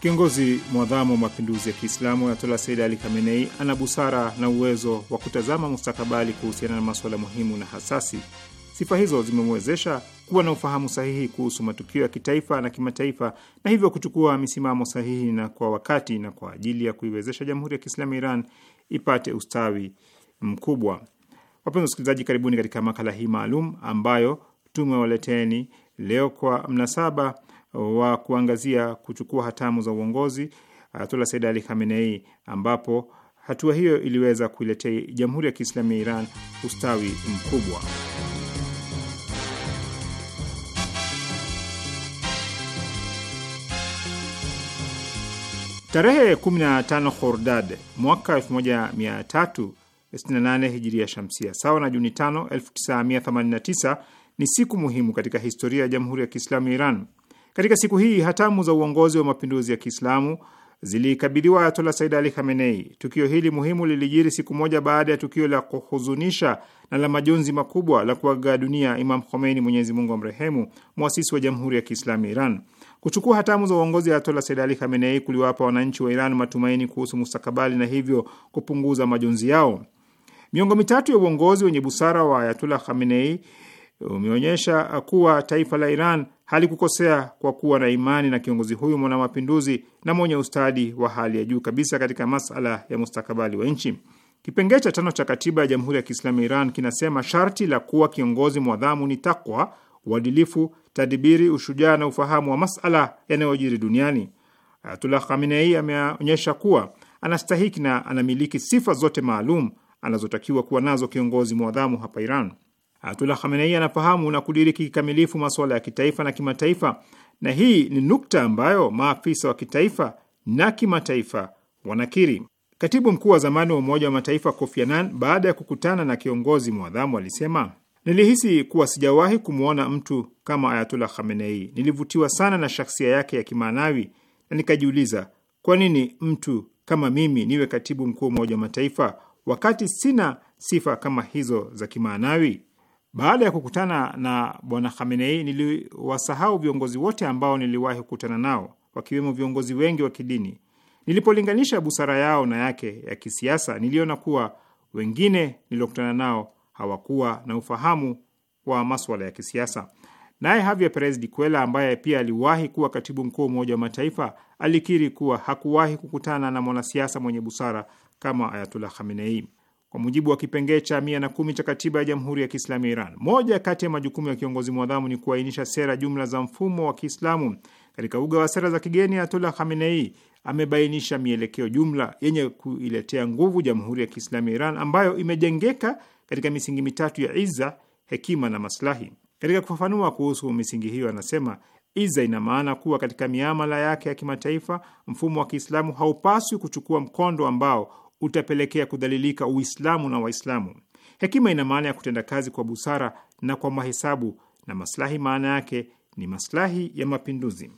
Kiongozi mwadhamu wa mapinduzi ya Kiislamu Ayatola Said Ali Khamenei ana busara na uwezo wa kutazama mustakabali kuhusiana na masuala muhimu na hasasi Sifa hizo zimemwezesha kuwa na ufahamu sahihi kuhusu matukio ya kitaifa na kimataifa na hivyo kuchukua misimamo sahihi na kwa wakati na kwa ajili ya kuiwezesha Jamhuri ya Kiislamu Iran ipate ustawi mkubwa. Wapenzi wasikilizaji, karibuni katika makala hii maalum ambayo tumewaleteni leo kwa mnasaba wa kuangazia kuchukua hatamu za uongozi Ayatullah Said Ali Khamenei, ambapo hatua hiyo iliweza kuiletea Jamhuri ya Kiislamu ya Iran ustawi mkubwa. Tarehe 15 Hordad mwaka 1368 hijiria shamsia, sawa na Juni 5, 1989 ni siku muhimu katika historia ya Jamhuri ya Kiislamu ya Iran. Katika siku hii hatamu za uongozi wa mapinduzi ya Kiislamu zilikabidhiwa Ayatollah Said Ali Khamenei. Tukio hili muhimu lilijiri siku moja baada ya tukio la kuhuzunisha na la majonzi makubwa la kuaga dunia Imam Khomeini, Mwenyezi Mungu amrehemu, mwasisi wa Jamhuri ya Kiislamu ya Iran. Kuchukua hatamu za uongozi ya Ayatollah Said Ali Khamenei kuliwapa wananchi wa Iran matumaini kuhusu mustakabali na hivyo kupunguza majonzi yao. Miongo mitatu ya uongozi wenye busara wa Ayatollah Khamenei umeonyesha kuwa taifa la Iran halikukosea kwa kuwa na imani na kiongozi huyu mapinduzi na mwenye ustadi wa hali ya juu kabisa katika masala ya mustakabali wa nchi. Kipengee cha tano cha katiba ya Jamhuri ya Kiislamu ya Iran kinasema sharti la kuwa kiongozi mwadhamu ni takwa, uadilifu, tadibiri, ushujaa na ufahamu wa masala yanayojiri duniani. Ayatullah Khamenei ameonyesha kuwa anastahiki na anamiliki sifa zote maalum anazotakiwa kuwa nazo kiongozi mwadhamu hapa Iran. Ayatullah Khamenei anafahamu na kudiriki kikamilifu masuala ya kitaifa na kimataifa, na hii ni nukta ambayo maafisa wa kitaifa na kimataifa wanakiri. Katibu mkuu wa zamani wa Umoja wa Mataifa Kofi Annan, baada ya kukutana na kiongozi mwadhamu, alisema Nilihisi kuwa sijawahi kumwona mtu kama Ayatullah Khamenei. Nilivutiwa sana na shaksia yake ya kimaanawi na nikajiuliza, kwa nini mtu kama mimi niwe katibu mkuu wa Umoja wa Mataifa wakati sina sifa kama hizo za kimaanawi? Baada ya kukutana na bwana Khamenei, niliwasahau viongozi wote ambao niliwahi kukutana nao, wakiwemo viongozi wengi wa kidini. Nilipolinganisha busara yao na yake ya kisiasa, niliona kuwa wengine niliokutana nao hawakuwa na ufahamu wa maswala ya kisiasa. Naye Javier Perez de Cuellar ambaye pia aliwahi kuwa katibu mkuu wa Umoja wa Mataifa alikiri kuwa hakuwahi kukutana na mwanasiasa mwenye busara kama Ayatullah Khamenei. Kwa mujibu wa kipengee cha mia na kumi cha katiba ya Jamhuri ya Kiislamu ya Iran, moja kati ya majukumu ya kiongozi mwadhamu ni kuainisha sera jumla za mfumo wa Kiislamu. Katika uga wa sera za kigeni, Ayatullah Khamenei amebainisha mielekeo jumla yenye kuiletea nguvu Jamhuri ya Kiislamu ya Iran ambayo imejengeka katika misingi mitatu ya iza, hekima na maslahi. Katika kufafanua kuhusu misingi hiyo, anasema iza ina maana kuwa katika miamala yake ya kimataifa mfumo wa Kiislamu haupaswi kuchukua mkondo ambao utapelekea kudhalilika Uislamu na Waislamu. Hekima ina maana ya kutenda kazi kwa busara na kwa mahesabu, na maslahi maana yake ni maslahi ya mapinduzi.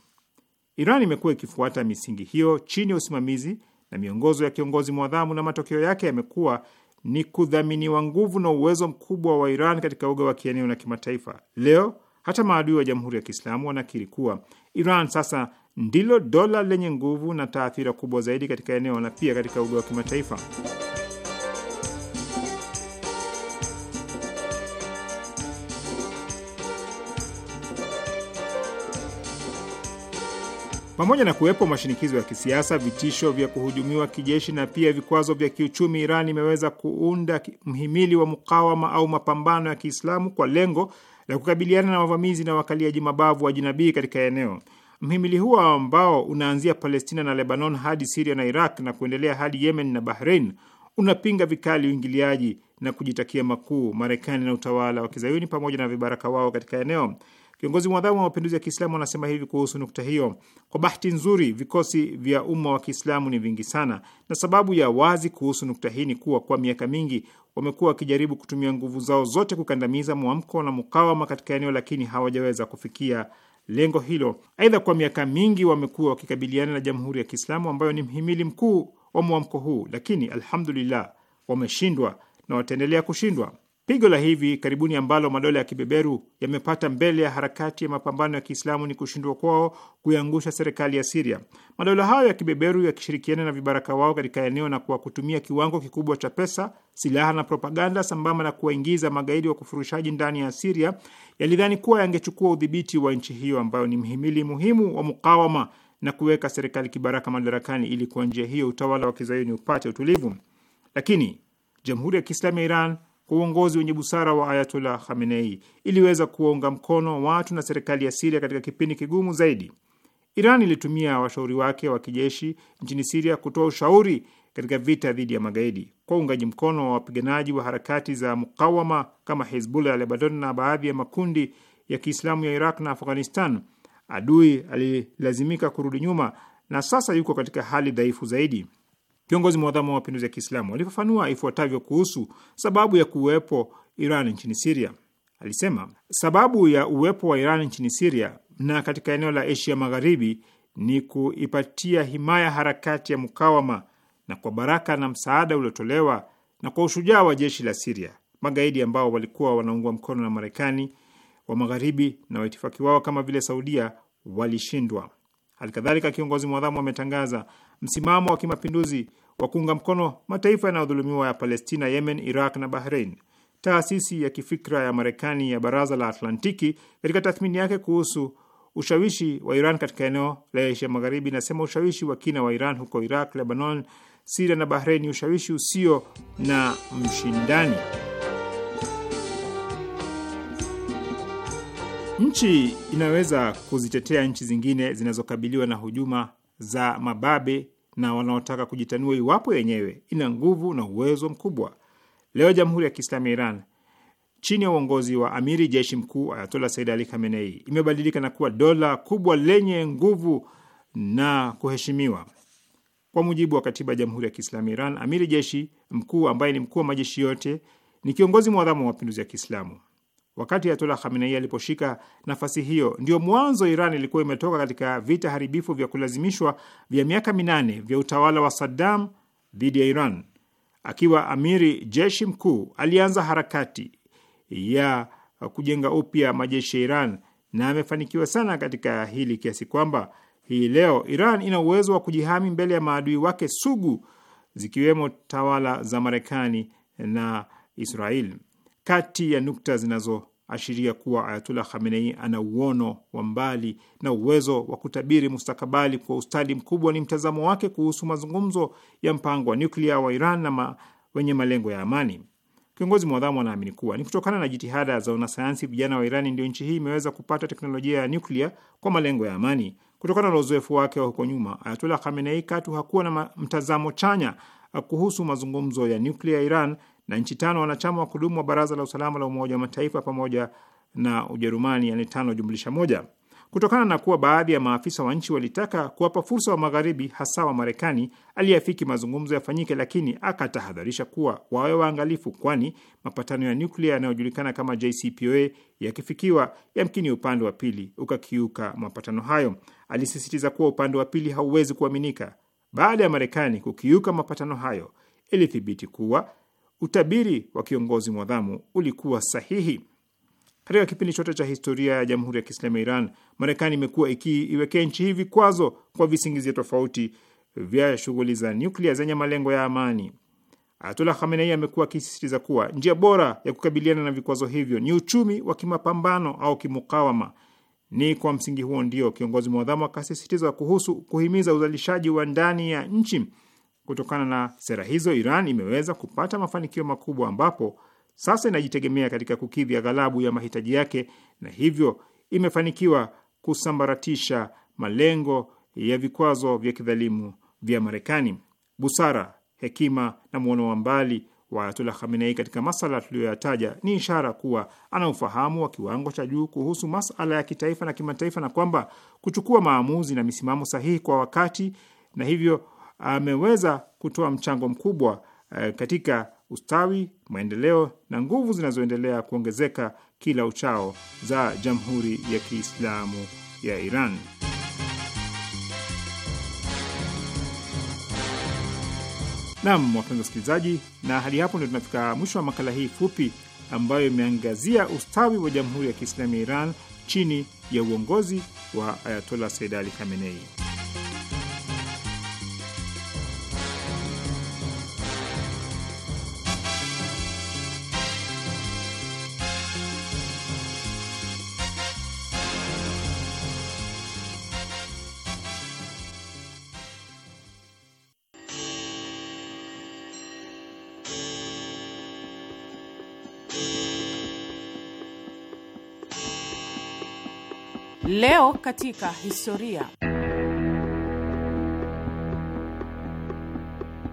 Iran imekuwa ikifuata misingi hiyo chini ya usimamizi na miongozo ya kiongozi mwadhamu, na matokeo yake yamekuwa ni kudhaminiwa nguvu na uwezo mkubwa wa Iran katika uga wa kieneo na kimataifa. Leo hata maadui wa Jamhuri ya Kiislamu wanakiri kuwa Iran sasa ndilo dola lenye nguvu na taathira kubwa zaidi katika eneo na pia katika uga wa kimataifa. Pamoja na kuwepo mashinikizo ya kisiasa, vitisho vya kuhujumiwa kijeshi na pia vikwazo vya kiuchumi, Iran imeweza kuunda mhimili wa mukawama au mapambano ya Kiislamu kwa lengo la kukabiliana na wavamizi na wakaliaji mabavu wa jinabii katika eneo. Mhimili huo ambao unaanzia Palestina na Lebanon hadi Siria na Iraq na kuendelea hadi Yemen na bahrein unapinga vikali uingiliaji na kujitakia makuu Marekani na utawala wa kizayuni pamoja na vibaraka wao katika eneo. Viongozi mwadhamu wa mapinduzi ya Kiislamu wanasema hivi kuhusu nukta hiyo: kwa bahati nzuri, vikosi vya umma wa Kiislamu ni vingi sana, na sababu ya wazi kuhusu nukta hii ni kuwa kwa miaka mingi wamekuwa wakijaribu kutumia nguvu zao zote kukandamiza mwamko na mukawama katika eneo, lakini hawajaweza kufikia lengo hilo. Aidha, kwa miaka mingi wamekuwa wakikabiliana na Jamhuri ya Kiislamu ambayo ni mhimili mkuu wa mwamko huu, lakini alhamdulillah, wameshindwa na wataendelea kushindwa. Pigo la hivi karibuni ambalo madola ya kibeberu yamepata mbele ya harakati ya mapambano ya Kiislamu ni kushindwa kwao kuiangusha serikali ya Siria. Madola hayo ya kibeberu yakishirikiana na vibaraka wao katika eneo na kwa kutumia kiwango kikubwa cha pesa, silaha na propaganda, sambamba na kuwaingiza magaidi wa kufurushaji ndani ya Siria, yalidhani kuwa yangechukua udhibiti wa nchi hiyo ambayo ni mhimili muhimu wa mukawama na kuweka serikali kibaraka madarakani, ili kwa njia hiyo utawala wa kizayuni upate utulivu. Lakini jamhuri ya Kiislamu ya Iran kwa uongozi wenye busara wa Ayatullah Khamenei iliweza kuwaunga mkono watu na serikali ya Siria katika kipindi kigumu zaidi. Iran ilitumia washauri wake wa kijeshi nchini Siria kutoa ushauri katika vita dhidi ya magaidi kwa uungaji mkono wa wapiganaji wa harakati za mukawama kama Hizbullah ya Lebanon na baadhi ya makundi ya Kiislamu ya Iraq na Afghanistan. Adui alilazimika kurudi nyuma na sasa yuko katika hali dhaifu zaidi. Viongozi mwadhamu wa mapinduzi ya Kiislamu walifafanua ifuatavyo kuhusu sababu ya kuwepo Iran nchini Siria. Alisema sababu ya uwepo wa Iran nchini Siria na katika eneo la Asia Magharibi ni kuipatia himaya harakati ya mukawama, na kwa baraka na msaada uliotolewa na kwa ushujaa wa jeshi la Siria, magaidi ambao walikuwa wanaungwa mkono na Marekani wa Magharibi na waitifaki wao kama vile Saudia walishindwa. Halikadhalika, kiongozi mwadhamu ametangaza msimamo wa kimapinduzi wa kuunga mkono mataifa yanayodhulumiwa ya Palestina, Yemen, Iraq na bahrein Taasisi ya kifikra ya Marekani ya Baraza la Atlantiki katika tathmini yake kuhusu ushawishi wa Iran katika eneo la Asia Magharibi inasema ushawishi wa kina wa Iran huko Iraq, Lebanon, Siria na Bahrein ni ushawishi usio na mshindani. Nchi inaweza kuzitetea nchi zingine zinazokabiliwa na hujuma za mababe na wanaotaka kujitanua iwapo wenyewe ina nguvu na uwezo mkubwa. Leo Jamhuri ya Kiislamu ya Iran chini ya uongozi wa amiri jeshi mkuu Ayatola Said Ali Khamenei imebadilika na kuwa dola kubwa lenye nguvu na kuheshimiwa. Kwa mujibu wa katiba ya Jamhuri ya Kiislamu Iran, amiri jeshi mkuu ambaye ni mkuu wa majeshi yote ni kiongozi mwadhamu wa mapinduzi ya Kiislamu wakati Ayatollah Khamenei aliposhika nafasi hiyo. Ndio mwanzo Iran ilikuwa imetoka katika vita haribifu vya kulazimishwa vya miaka minane vya utawala wa Saddam dhidi ya Iran. Akiwa amiri jeshi mkuu, alianza harakati ya kujenga upya majeshi ya Iran na amefanikiwa sana katika hili kiasi kwamba hii leo Iran ina uwezo wa kujihami mbele ya maadui wake sugu zikiwemo tawala za Marekani na Israel kati ya nukta zinazoashiria kuwa Ayatullah Khamenei ana uono wa mbali na uwezo wa kutabiri mustakabali kwa ustadi mkubwa ni mtazamo wake kuhusu mazungumzo ya mpango wa nyuklia wa Iran na ma, wenye malengo ya amani. Kiongozi mwadhamu anaamini kuwa ni kutokana na jitihada za wanasayansi vijana wa Irani ndio nchi hii imeweza kupata teknolojia ya nyuklia kwa malengo ya amani. Kutokana na uzoefu wake wa huko nyuma, Ayatullah Khamenei katu hakuwa na mtazamo chanya kuhusu mazungumzo ya nyuklia ya Iran na nchi tano wanachama wa kudumu wa Baraza la Usalama la Umoja wa Mataifa pamoja na Ujerumani, yani tano jumlisha moja. Kutokana na kuwa baadhi ya maafisa wa nchi walitaka kuwapa fursa wa Magharibi, hasa wa Marekani, aliyeafiki mazungumzo yafanyike, lakini akatahadharisha kuwa wawe waangalifu, kwani mapatano ya nyuklia yanayojulikana kama JCPOA yakifikiwa, yamkini upande wa pili ukakiuka mapatano hayo. Alisisitiza kuwa upande wa pili hauwezi kuaminika. Baada ya Marekani kukiuka mapatano hayo, ilithibiti kuwa utabiri wa kiongozi mwadhamu ulikuwa sahihi. Katika kipindi chote cha historia ya Jamhuri ya Kiislamu ya Iran, Marekani imekuwa ikiiwekea nchi hii vikwazo kwa visingizio tofauti vya shughuli za nyuklia zenye malengo ya amani. Ayatullah Khamenei amekuwa akisisitiza kuwa njia bora ya kukabiliana na vikwazo hivyo ni uchumi wa kimapambano au kimukawama. Ni kwa msingi huo ndio kiongozi mwadhamu akasisitiza kuhusu kuhimiza uzalishaji wa ndani ya nchi Kutokana na sera hizo, Iran imeweza kupata mafanikio makubwa ambapo sasa inajitegemea katika kukidhi aghalabu ya mahitaji yake na hivyo imefanikiwa kusambaratisha malengo ya vikwazo vya kidhalimu vya Marekani. Busara, hekima na mwono wa mbali wa Ayatullah Khamenei katika masala tuliyoyataja ni ishara kuwa ana ufahamu wa kiwango cha juu kuhusu masala ya kitaifa na kimataifa, na kwamba kuchukua maamuzi na misimamo sahihi kwa wakati na hivyo ameweza kutoa mchango mkubwa eh, katika ustawi, maendeleo na nguvu zinazoendelea kuongezeka kila uchao za Jamhuri ya Kiislamu ya Iran. Nam, wapenzi wasikilizaji, na hadi hapo ndio tunafika mwisho wa makala hii fupi ambayo imeangazia ustawi wa Jamhuri ya Kiislamu ya Iran chini ya uongozi wa Ayatollah Said Ali Khamenei. Leo katika historia.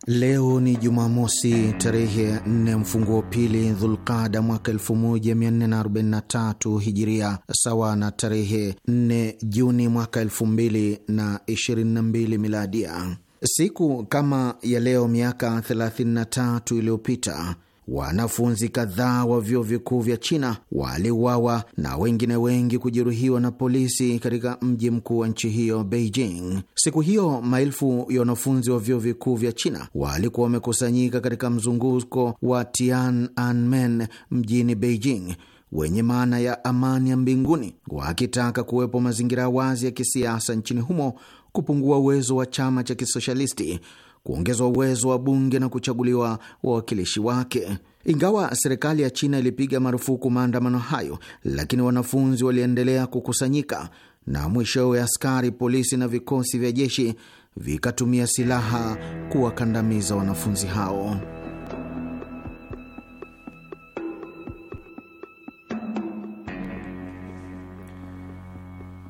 Leo ni Jumamosi, tarehe nne mfunguo pili Dhulqada mwaka 1443 Hijiria, sawa na tarehe 4 Juni mwaka 2022 Miladia. Siku kama ya leo miaka 33 iliyopita Wanafunzi kadhaa wa vyuo vikuu vya China waliuawa na wengine wengi kujeruhiwa na polisi katika mji mkuu wa nchi hiyo Beijing. Siku hiyo maelfu ya wanafunzi wa vyuo vikuu vya China walikuwa wamekusanyika katika mzunguko wa Tiananmen mjini Beijing wenye maana ya amani ya mbinguni, wakitaka kuwepo mazingira wazi ya kisiasa nchini humo, kupungua uwezo wa chama cha kisoshalisti kuongezwa uwezo wa bunge na kuchaguliwa wawakilishi wake. Ingawa serikali ya China ilipiga marufuku maandamano hayo, lakini wanafunzi waliendelea kukusanyika na mwishowe askari polisi na vikosi vya jeshi vikatumia silaha kuwakandamiza wanafunzi hao.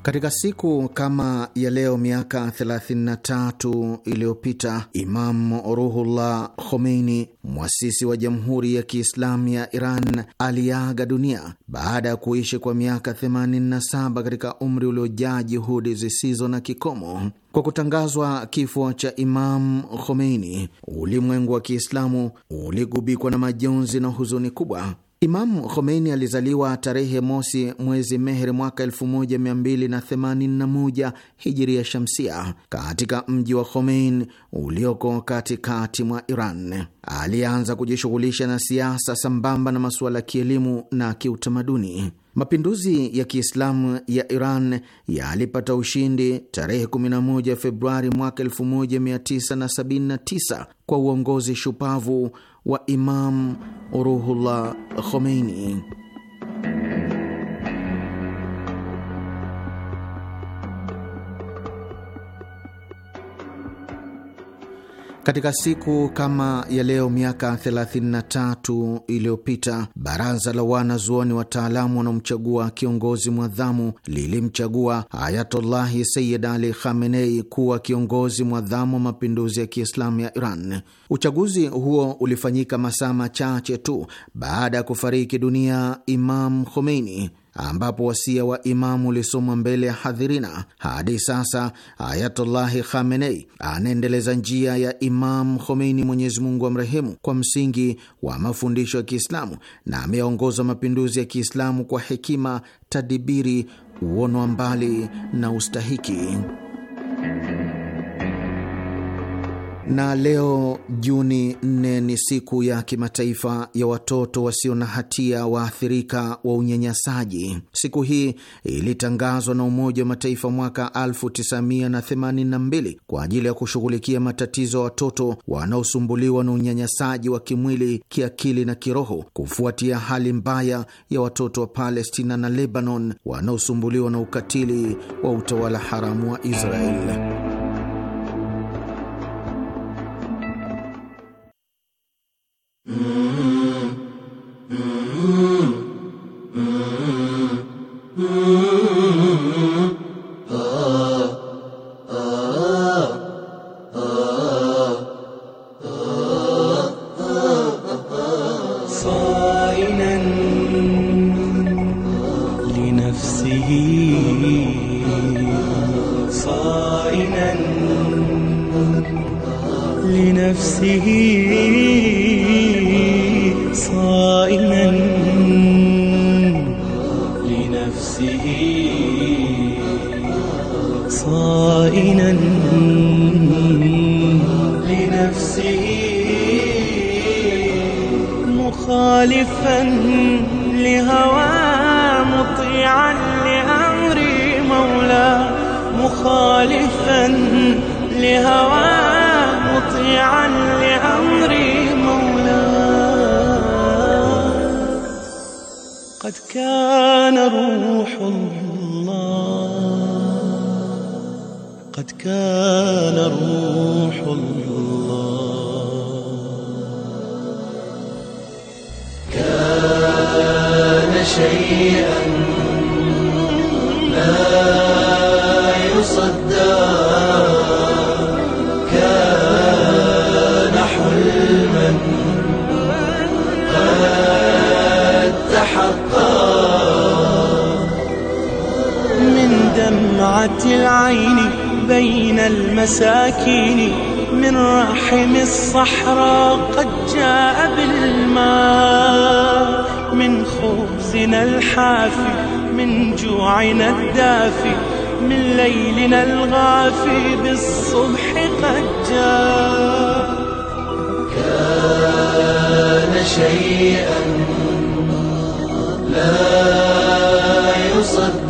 Katika siku kama ya leo miaka 33 iliyopita Imam Ruhullah Khomeini, mwasisi wa Jamhuri ya Kiislamu ya Iran, aliaga dunia baada ya kuishi kwa miaka 87 katika umri uliojaa juhudi zisizo na kikomo. Kwa kutangazwa kifo cha Imam Khomeini, ulimwengu wa Kiislamu uligubikwa na majonzi na huzuni kubwa imam Khomeini alizaliwa tarehe mosi mwezi Meheri mwaka 1281 hijiria shamsia katika mji wa Khomein ulioko katikati mwa Iran. Alianza kujishughulisha na siasa sambamba na masuala ya kielimu na kiutamaduni. Mapinduzi ya Kiislamu ya Iran yalipata ushindi tarehe 11 Februari mwaka 1979 kwa uongozi shupavu wa Imam Ruhullah Khomeini. Katika siku kama ya leo miaka 33 iliyopita baraza la wanazuoni wataalamu wanaomchagua kiongozi mwadhamu lilimchagua Ayatullahi Sayyid Ali Khamenei kuwa kiongozi mwadhamu wa mapinduzi ya Kiislamu ya Iran. Uchaguzi huo ulifanyika masaa machache tu baada ya kufariki dunia Imam Khomeini ambapo wasia wa Imamu ulisomwa mbele ya hadhirina. Hadi sasa Ayatullahi Khamenei anaendeleza njia ya Imam Khomeini, Mwenyezi Mungu amrehemu, kwa msingi wa mafundisho ya Kiislamu na ameongoza mapinduzi ya Kiislamu kwa hekima, tadibiri, uono wa mbali na ustahiki na leo Juni nne ni siku ya kimataifa ya watoto wasio na hatia waathirika wa unyanyasaji. Siku hii ilitangazwa na Umoja wa Mataifa mwaka 1982 kwa ajili ya kushughulikia matatizo ya watoto wanaosumbuliwa na unyanyasaji wa kimwili, kiakili na kiroho, kufuatia hali mbaya ya watoto wa Palestina na Lebanon wanaosumbuliwa na ukatili wa utawala haramu wa Israeli. عيني بين المساكين من رحم الصحراء قد جاء بالماء من خبزنا الحافي من جوعنا الدافي من ليلنا الغافي بالصبح قد جاء كان شيئا لا يصدق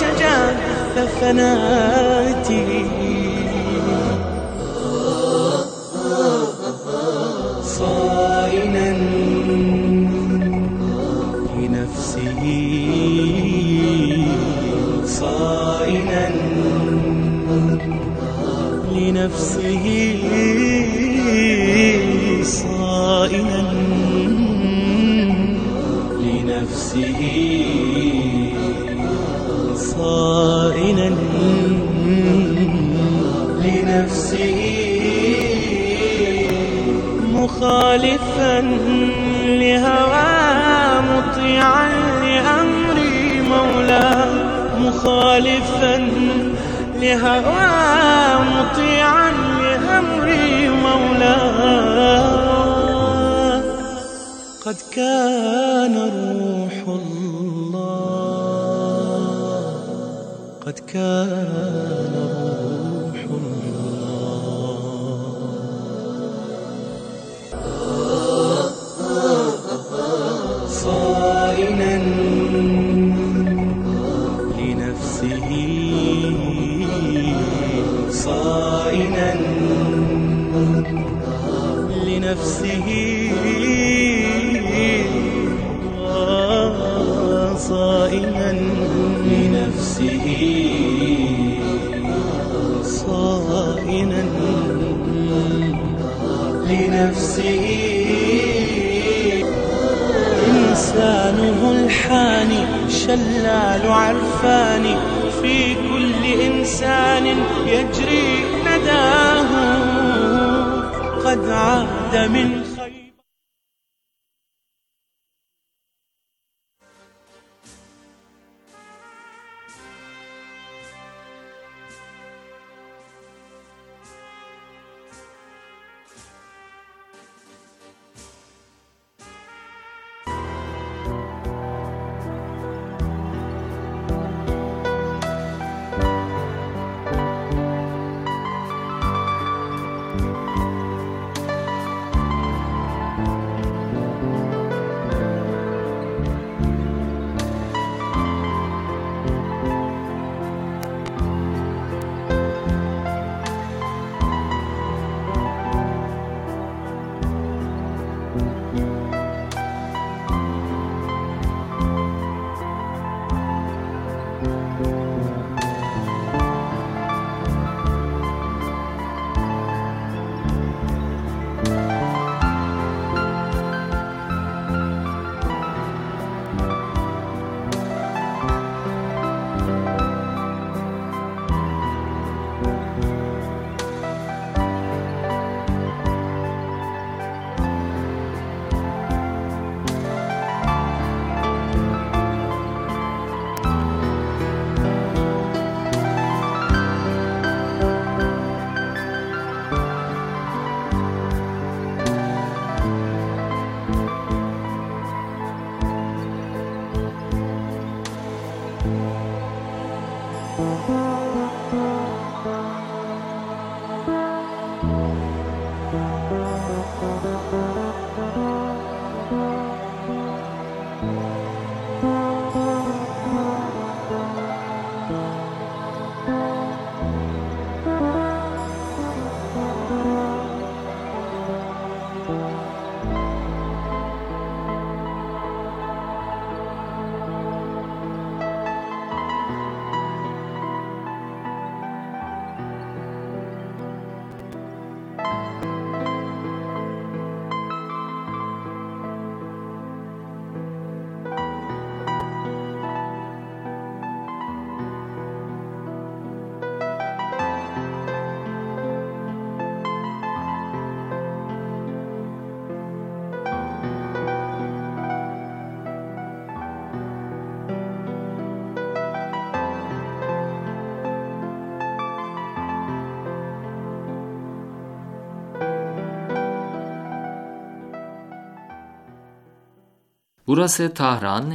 شجاع فناتي صائنا لنفسه صائنا لنفسه صائنا لنفسه مخالفا لهواه مطيعا لأمري مولاه مخالفا لهواه مطيعا لأمري مولاه قد كان روح الله قد كان روح women Burası Tahran,